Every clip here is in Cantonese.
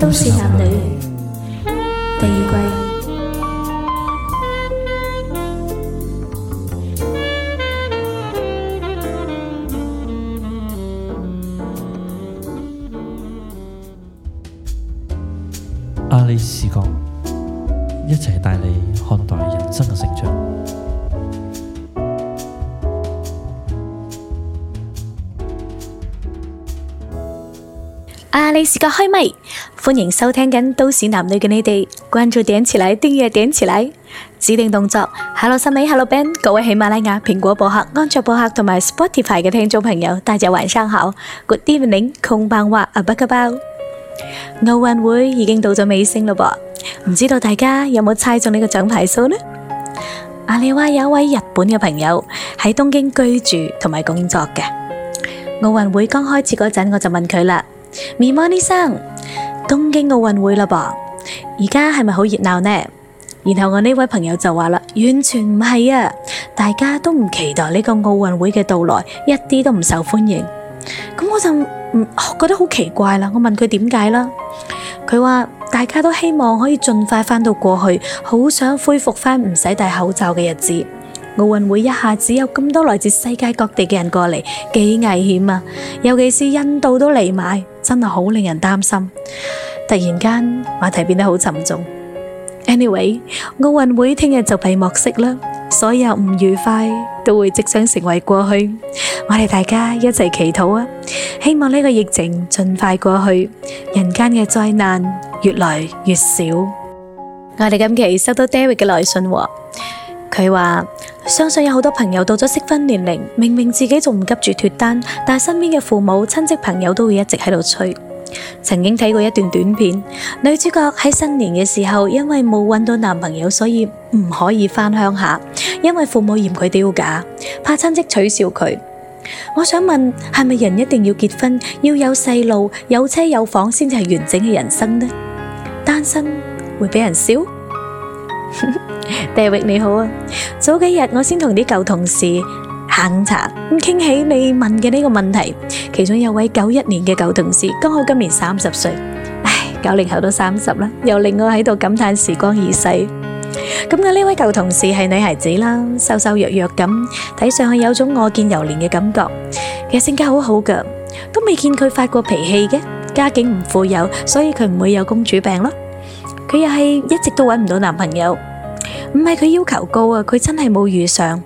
都市男女第二季。阿，你時間開咪？歡迎收聽緊《都市男女》嘅你哋關注點詞禮，訂閱點詞禮，指定動作。Hello，Sammy，Hello，Ben，各位喜馬拉雅、蘋果播客、安卓播客同埋 Spotify 嘅聽眾朋友，大家晚上好。Good evening，空棒話阿八吉包。奧運會已經到咗尾聲咯噃，唔知道大家有冇猜中呢個獎牌數呢？阿，你話有一位日本嘅朋友喺東京居住同埋工作嘅。奧運會剛開始嗰陣，我就問佢啦。Good 生東京奧運會啦噃，而家係咪好熱鬧呢？然後我呢位朋友就話啦，完全唔係啊，大家都唔期待呢個奧運會嘅到來，一啲都唔受歡迎。咁我就唔、嗯、覺得好奇怪啦，我問佢點解啦，佢話大家都希望可以盡快翻到過去，好想恢復翻唔使戴口罩嘅日子。奧運會一下子有咁多來自世界各地嘅人過嚟，幾危險啊！尤其是印度都嚟埋，真係好令人擔心。突然間，話題變得好沉重。Anyway，奧運會聽日就閉幕式啦，所有唔愉快都會即將成為過去。我哋大家一齊祈禱啊！希望呢個疫情盡快過去，人間嘅災難越來越少。我哋今期收到 David 嘅來信，佢話。相信有好多朋友到咗適婚年齡，明明自己仲唔急住脫單，但身邊嘅父母、親戚、朋友都會一直喺度催。曾經睇過一段短片，女主角喺新年嘅時候，因為冇揾到男朋友，所以唔可以返鄉下，因為父母嫌佢丟架，怕親戚取笑佢。我想問，係咪人一定要結婚，要有細路、有車有房，先至係完整嘅人生呢？單身會俾人笑？ Derrick 你好啊，早幾日我先同啲舊同事下午茶，傾起你問嘅呢個問題，其中有位九一年嘅舊同事，剛好今年三十歲，唉，九零後都三十啦，又令我喺度感嘆時光易逝。咁嘅呢位舊同事係女孩子啦，瘦瘦弱弱咁，睇上去有種我見猶憐嘅感覺，其實性格好好嘅，都未見佢發過脾氣嘅。家境唔富有，所以佢唔會有公主病咯。佢又係一直都搵唔到男朋友。唔係佢要求高啊，佢真係冇遇上。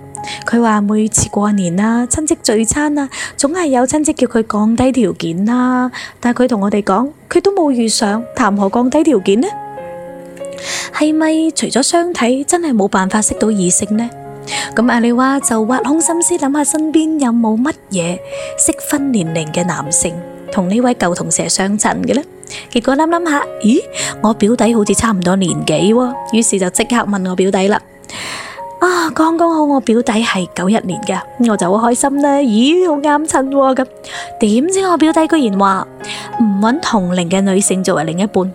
佢話每次過年啊、親戚聚餐啊，總係有親戚叫佢降低條件啦。但係佢同我哋講，佢都冇遇上，談何降低條件呢？係咪除咗相睇，真係冇辦法識到異性呢？咁阿里娃就挖空心思諗下，身邊有冇乜嘢適婚年齡嘅男性，同呢位舊同事係相襯嘅呢？結果諗諗下，咦，我表弟好似差唔多年紀喎，於是就即刻問我表弟啦。啊，剛剛好我表弟係九一年嘅，我就好開心咧。咦，好啱襯咁，點知我表弟居然話唔揾同齡嘅女性作為另一半，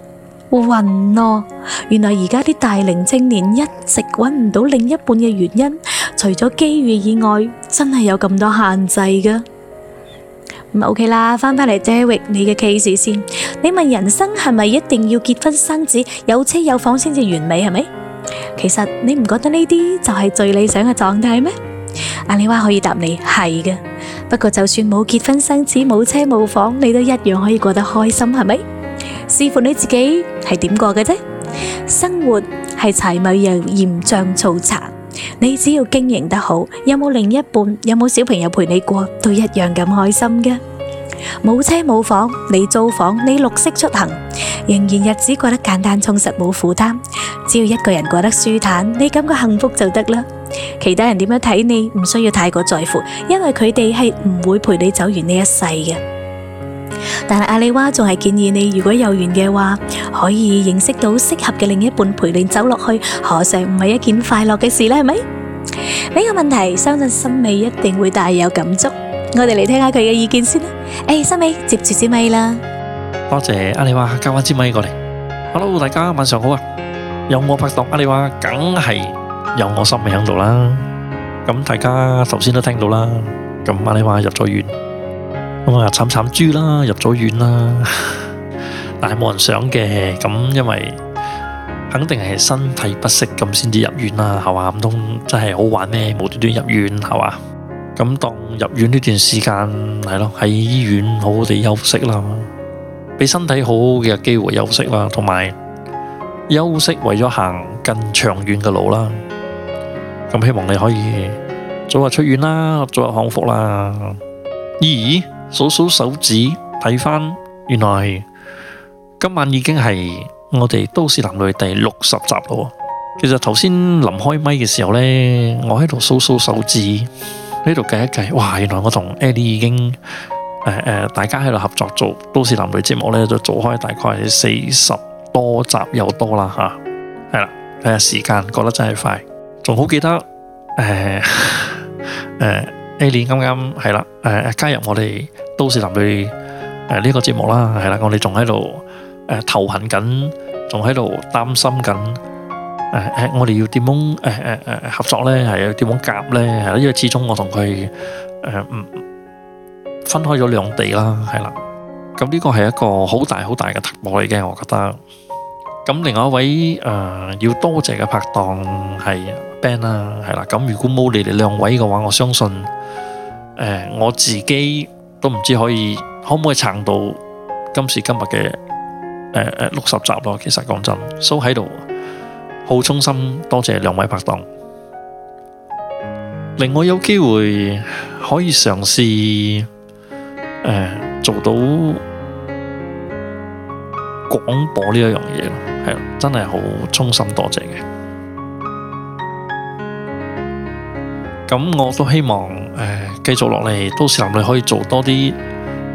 暈咯，啊！原來而家啲大齡青年一直揾唔到另一半嘅原因，除咗機遇以外，真係有咁多限制噶。OK 啦，翻翻嚟 Derrick 你嘅 case 先。你問人生係咪一定要結婚生子、有車有房先至完美，係咪？其實你唔覺得呢啲就係最理想嘅狀態咩？阿李娃可以答你係嘅，不過就算冇結婚生子、冇車冇房，你都一樣可以過得開心係咪？視乎你自己係點過嘅啫。生活係柴米油鹽醬醋茶。你只要經營得好，有冇另一半，有冇小朋友陪你過，都一樣咁開心嘅。冇車冇房，你租房，你綠色出行，仍然日子過得簡單充實，冇負擔。只要一個人過得舒坦，你感覺幸福就得啦。其他人點樣睇你，唔需要太過在乎，因為佢哋係唔會陪你走完呢一世嘅。但係阿里娃仲係建議你，如果有緣嘅話，可以認識到適合嘅另一半陪你走落去，何嘗唔係一件快樂嘅事呢？係咪？呢個問題相信心美一定會大有感觸，我哋嚟聽下佢嘅意見先啦。誒，心美接住支咪啦！多謝阿里娃交翻支咪過嚟。Hello，大家晚上好啊！有我拍檔阿里娃，梗係有我心美喺度啦。咁大家首先都聽到啦，咁阿里娃入咗院。咁啊，慘慘豬啦，入咗院啦， 但係冇人想嘅，咁因為肯定係身體不適咁先至入院啦，係嘛？唔通真係好玩咩？無端端入院，係嘛？咁當入院呢段時間係咯，喺醫院好好哋休息啦，俾身體好好嘅機會休息啦，同埋休息為咗行更長遠嘅路啦。咁希望你可以早日出院啦，早日康復啦。咦？數數手指，睇返，原來今晚已經係我哋都市男女第六十集咯。其實頭先臨開咪嘅時候呢，我喺度數數手指，喺度計一計，哇，原來我同 Ellie 已經、呃呃、大家喺度合作做都市男女節目呢，就做開大概四十多集有多啦吓。係、啊、啦，睇下時間過得真係快，仲好記得誒誒。呃 呃 A 連啱啱係啦，誒誒加入我哋都市男女誒呢個節目啦，係啦，我哋仲喺度誒頭痕緊，仲喺度擔心緊，誒誒我哋要點樣誒誒誒合作咧，係點樣夾咧，係因為始終我同佢誒嗯分開咗兩地啦，係啦，咁呢個係一個好大好大嘅突破嚟嘅，我覺得。咁另外一位誒要多謝嘅拍檔係 Ben 啦，係啦，咁如果冇你哋兩位嘅話，我相信。誒、呃，我自己都唔知可以可唔可以撐到今時今日嘅誒誒六十集咯。其實講真，so 喺度好衷心多謝兩位拍檔，令我有機會可以嘗試誒做到廣播呢一樣嘢咯。係真係好衷心多謝嘅。咁我都希望誒，繼續落嚟，都市男女可以做多啲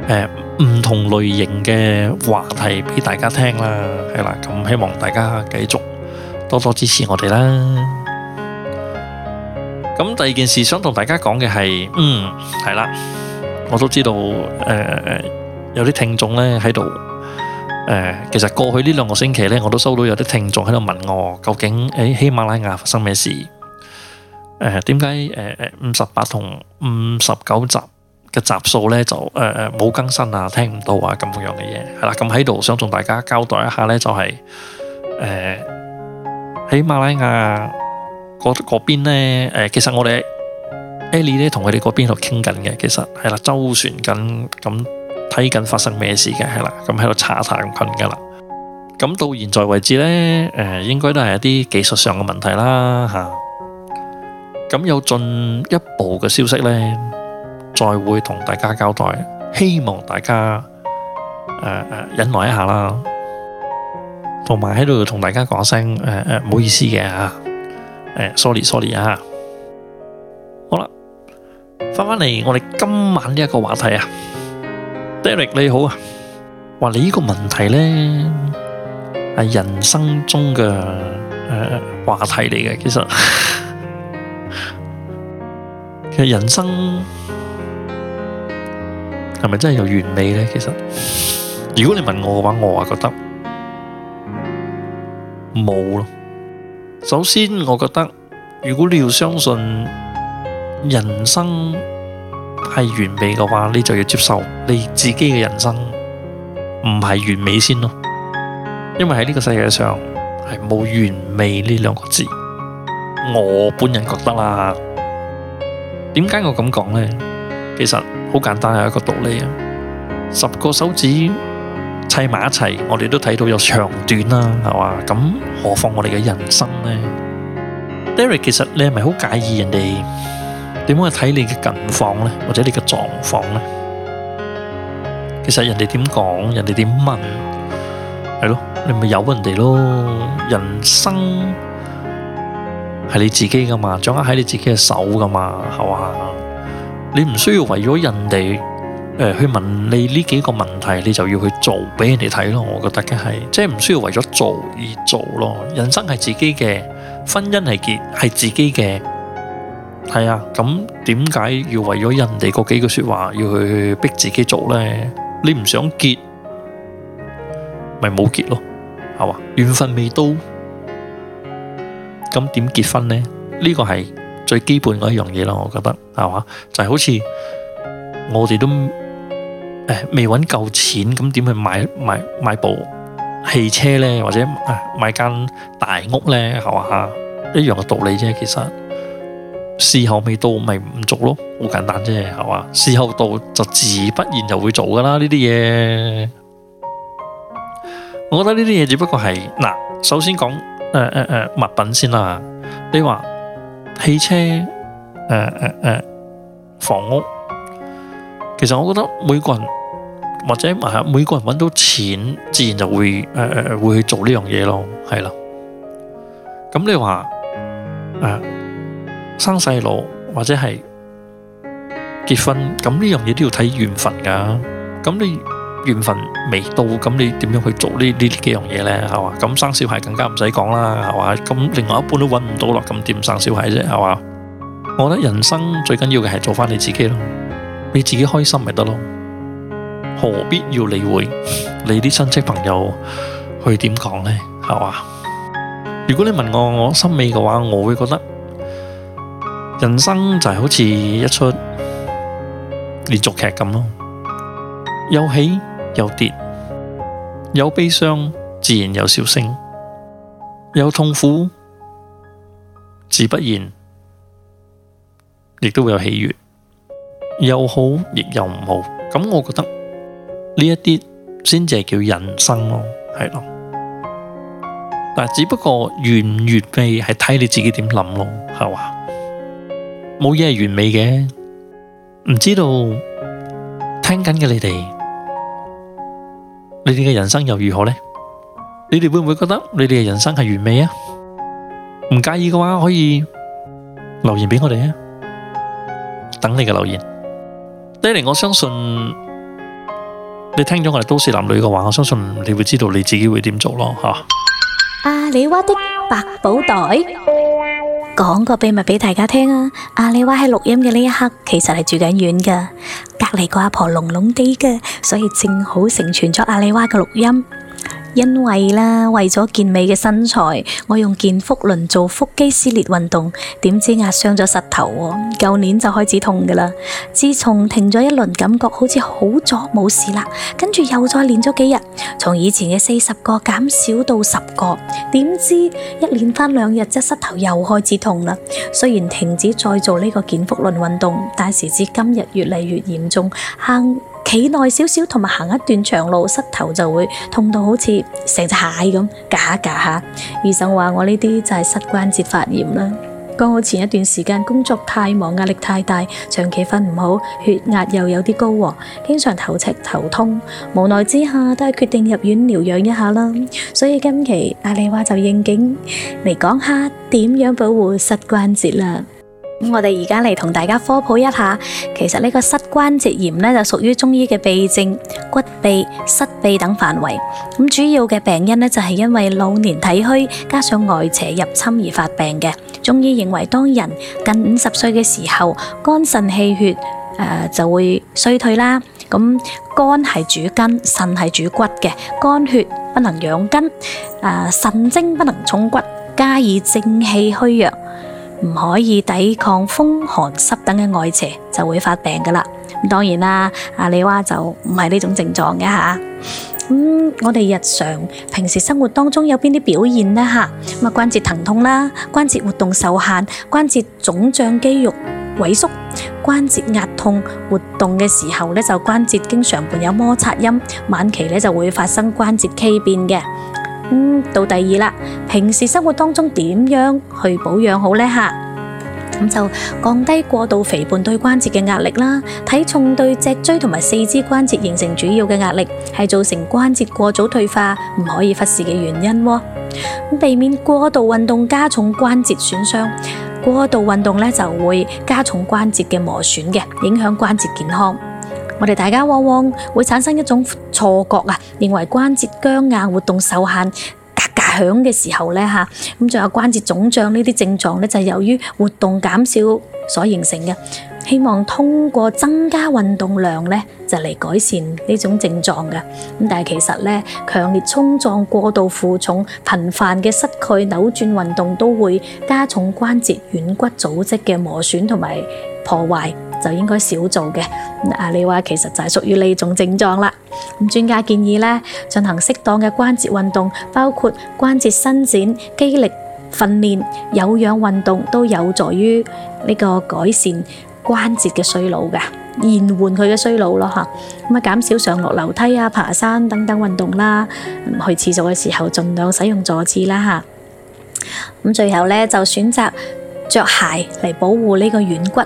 誒唔同類型嘅話題俾大家聽啦，係啦，咁希望大家繼續多多支持我哋啦。咁第二件事想同大家講嘅係，嗯，係啦，我都知道誒，有啲聽眾咧喺度，誒，其實過去呢兩個星期咧，我都收到有啲聽眾喺度問我，究竟誒喜馬拉雅發生咩事？誒，點解誒誒五十八同五十九集嘅集數咧就誒誒冇更新啊，聽唔到啊，咁樣嘅嘢係啦。咁喺度想同大家交代一下咧，就係誒喜馬拉雅嗰嗰邊咧，誒、呃、其實我哋 Ellie 咧同佢哋嗰邊度傾緊嘅，其實係啦周旋緊，咁睇緊發生咩事嘅，係啦，咁喺度查查咁群噶啦。咁到現在為止咧，誒、呃、應該都係一啲技術上嘅問題啦，吓。咁有進一步嘅消息咧，再會同大家交代，希望大家誒誒忍耐一下啦，同埋喺度同大家講聲誒誒唔好意思嘅吓，誒 sorry sorry 啊，好啦，翻翻嚟我哋今晚呢一個話題啊，Derrick 你好啊，話你呢個問題咧係人生中嘅誒話題嚟嘅，其實。其實人生係咪真係有完美呢？其實如果你問我嘅話，我啊覺得冇咯。首先，我覺得如果你要相信人生係完美嘅話，你就要接受你自己嘅人生唔係完美先咯。因為喺呢個世界上係冇完美呢兩個字。我本人覺得啦。點解我咁講咧？其實好簡單係一個道理啊！十個手指砌埋一齊，我哋都睇到有長短啦，係嘛？咁何況我哋嘅人生咧？Derrick，其實你係咪好介意人哋點樣去睇你嘅近況咧，或者你嘅狀況咧？其實人哋點講，人哋點問，係咯？你咪由人哋咯，人生。係你自己噶嘛，掌握喺你自己嘅手噶嘛，係嘛？你唔需要為咗人哋誒去問你呢幾個問題，你就要去做俾人哋睇咯。我覺得嘅係，即係唔需要為咗做而做咯。人生係自己嘅，婚姻係結係自己嘅，係啊。咁點解要為咗人哋嗰幾句說話要去逼自己做咧？你唔想結，咪冇結咯，係嘛？緣分未到。咁點結婚咧？呢個係最基本嗰一樣嘢咯，我覺得係嘛，就係好似我哋都誒未揾夠錢，咁點去買買買部汽車咧，或者買間大屋咧，係嘛？一樣嘅道理啫。其實時候未到，咪唔做咯，好簡單啫，係嘛？時候到就自然而然就會做噶啦。呢啲嘢，我覺得呢啲嘢只不過係嗱，首先講。誒誒誒，物品先啦。你話汽車，誒誒誒，房屋。其實我覺得每個人或者唔係每個人揾到錢，自然就會誒誒會去做呢樣嘢咯，係啦。咁你話誒生細路或者係結婚，咁呢樣嘢都要睇緣分噶。咁你。緣分未到，咁你點樣去做呢？呢幾樣嘢咧，係嘛？咁生小孩更加唔使講啦，係嘛？咁另外一半都揾唔到啦，咁點生小孩啫？係嘛？我覺得人生最緊要嘅係做翻你自己咯，俾自己開心咪得咯，何必要理會你啲親戚朋友去點講咧？係嘛？如果你問我我心美嘅話，我會覺得人生就係好似一出連續劇咁咯，有喜，有跌，有悲傷，自然有笑聲；有痛苦，自不然，亦都會有喜悦。又好，亦又唔好。咁我覺得呢一啲先至係叫人生咯，係咯。但只不過完唔完美係睇你自己點諗咯，係嘛？冇嘢係完美嘅，唔知道聽緊嘅你哋。你哋嘅人生又如何呢？你哋會唔會覺得你哋嘅人生係完美啊？唔介意嘅話，可以留言俾我哋啊！等你嘅留言。Derrick，我相信你聽咗我哋都市男女嘅話，我相信你會知道你自己會點做咯吓。阿里哇的百寶袋。講個秘密俾大家聽啊！阿里娃喺錄音嘅呢一刻，其實係住緊院噶，隔離個阿婆聾聾地嘅，所以正好成全咗阿里娃嘅錄音。因為啦，為咗健美嘅身材，我用健腹輪做腹肌撕裂運動，點知壓傷咗膝頭喎。舊年就開始痛㗎啦，自從停咗一輪，感覺好似好咗冇事啦。跟住又再練咗幾日，從以前嘅四十個減少到十個，點知一練返兩日，即係膝頭又開始痛啦。雖然停止再做呢個健腹輪運動，但時至今日越嚟越嚴重，企耐少少同埋行一段長路，膝頭就會痛到好似成隻蟹咁夾下夾下。醫生話我呢啲就係膝關節發炎啦。剛好前一段時間工作太忙，壓力太大，長期瞓唔好，血壓又有啲高，經常頭赤頭痛。無奈之下都係決定入院療養一下啦。所以今期阿利話就應景嚟講下點樣保護膝關節啦。咁我哋而家嚟同大家科普一下，其實呢個膝關節炎咧就屬於中醫嘅痹症、骨痹、濕痹等範圍。咁主要嘅病因咧就係因為老年體虛加上外邪入侵而發病嘅。中醫認為，當人近五十歲嘅時候，肝腎氣血誒就會衰退啦。咁肝係主筋，腎係主骨嘅，肝血不能養筋，誒腎精不能重骨，加以正氣虛弱。唔可以抵抗風寒濕等嘅外邪，就會發病噶啦。咁當然啦，阿李娃就唔係呢種症狀嘅吓。咁我哋日常平時生活當中有邊啲表現咧吓？咁啊關節疼痛啦，關節活動受限，關節腫脹、肌肉萎縮，關節壓痛，活動嘅時候咧就關節經常伴有摩擦音，晚期咧就會發生關節畸變嘅。嗯，到第二啦。平時生活當中點樣去保養好呢？吓，咁就降低過度肥胖對關節嘅壓力啦。體重對脊椎同埋四肢關節形成主要嘅壓力，係造成關節過早退化唔可以忽視嘅原因。咁避免過度運動加重關節損傷。過度運動呢就會加重關節嘅磨損嘅，影響關節健康。我哋大家往往會產生一種錯覺啊，認為關節僵硬、活動受限、嘎嘎響嘅時候呢，吓，咁仲有關節腫脹呢啲症狀咧，就係由於活動減少所形成嘅。希望通過增加運動量呢，就嚟改善呢種症狀嘅。但係其實呢，強烈沖撞、過度負重、頻繁嘅膝蓋扭轉運動，都會加重關節軟骨組織嘅磨損同埋破壞。就應該少做嘅。啊，你話其實就係屬於呢種症狀啦。咁、嗯、專家建議咧，進行適當嘅關節運動，包括關節伸展、肌力訓練、有氧運動，都有助於呢個改善關節嘅衰老㗎，延緩佢嘅衰老咯吓。咁、嗯、啊，減少上落樓梯啊、爬山等等運動啦。嗯、去廁所嘅時候，儘量使用坐廁啦吓。咁、嗯、最後咧，就選擇。着鞋嚟保護呢個軟骨，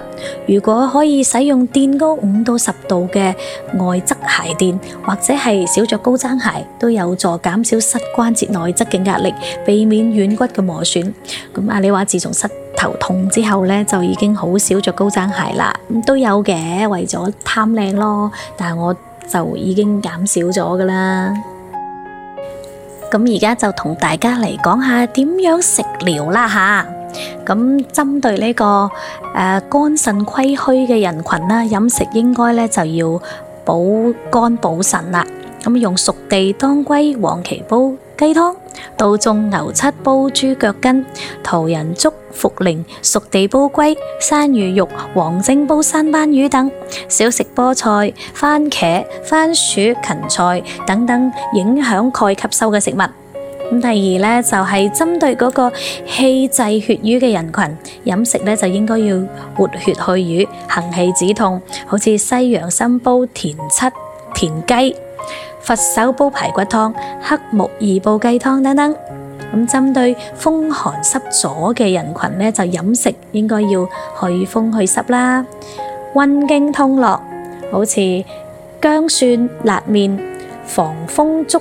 如果可以使用墊高五到十度嘅外側鞋墊，或者係少着高踭鞋，都有助減少膝關節內側嘅壓力，避免軟骨嘅磨損。咁啊，你話自從膝頭痛之後咧，就已經好少着高踭鞋啦都有嘅，為咗貪靚咯，但我就已經減少咗噶啦。咁而家就同大家嚟講一下點樣食療啦吓。咁針對呢、這個誒肝腎虧虛嘅人群啦，飲食應該咧就要補肝補腎啦。咁用熟地當歸黃芪煲雞湯，杜仲牛七煲豬，豬腳筋，桃仁粥、茯苓、熟地煲龜，山芋肉、黃精煲山斑魚等，少食菠菜、番茄、番薯、芹菜等等影響鈣吸收嘅食物。咁第二呢就係針對嗰個氣滯血瘀嘅人群，飲食呢就應該要活血去瘀、行氣止痛，好似西洋參煲田七、田雞、佛手煲排骨湯、黑木耳煲雞湯等等。咁針對風寒濕阻嘅人群呢，就飲食應該要去風去濕啦，溫經通絡，好似薑蒜辣麵、防風粥。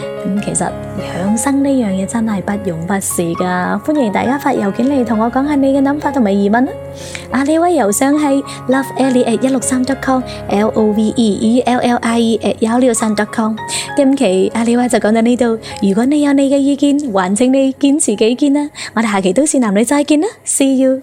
其實養生呢樣嘢真係不容忽視噶，歡迎大家發郵件嚟同我講下你嘅諗法同埋疑問阿啊，李威郵箱係 loveelli@163.com，L-O-V-E-E-L-L-I-E@163.com。今期阿李威就講到呢度，如果你有你嘅意見，還請你堅持己見啦。我哋下期都市男女再見啦，See you。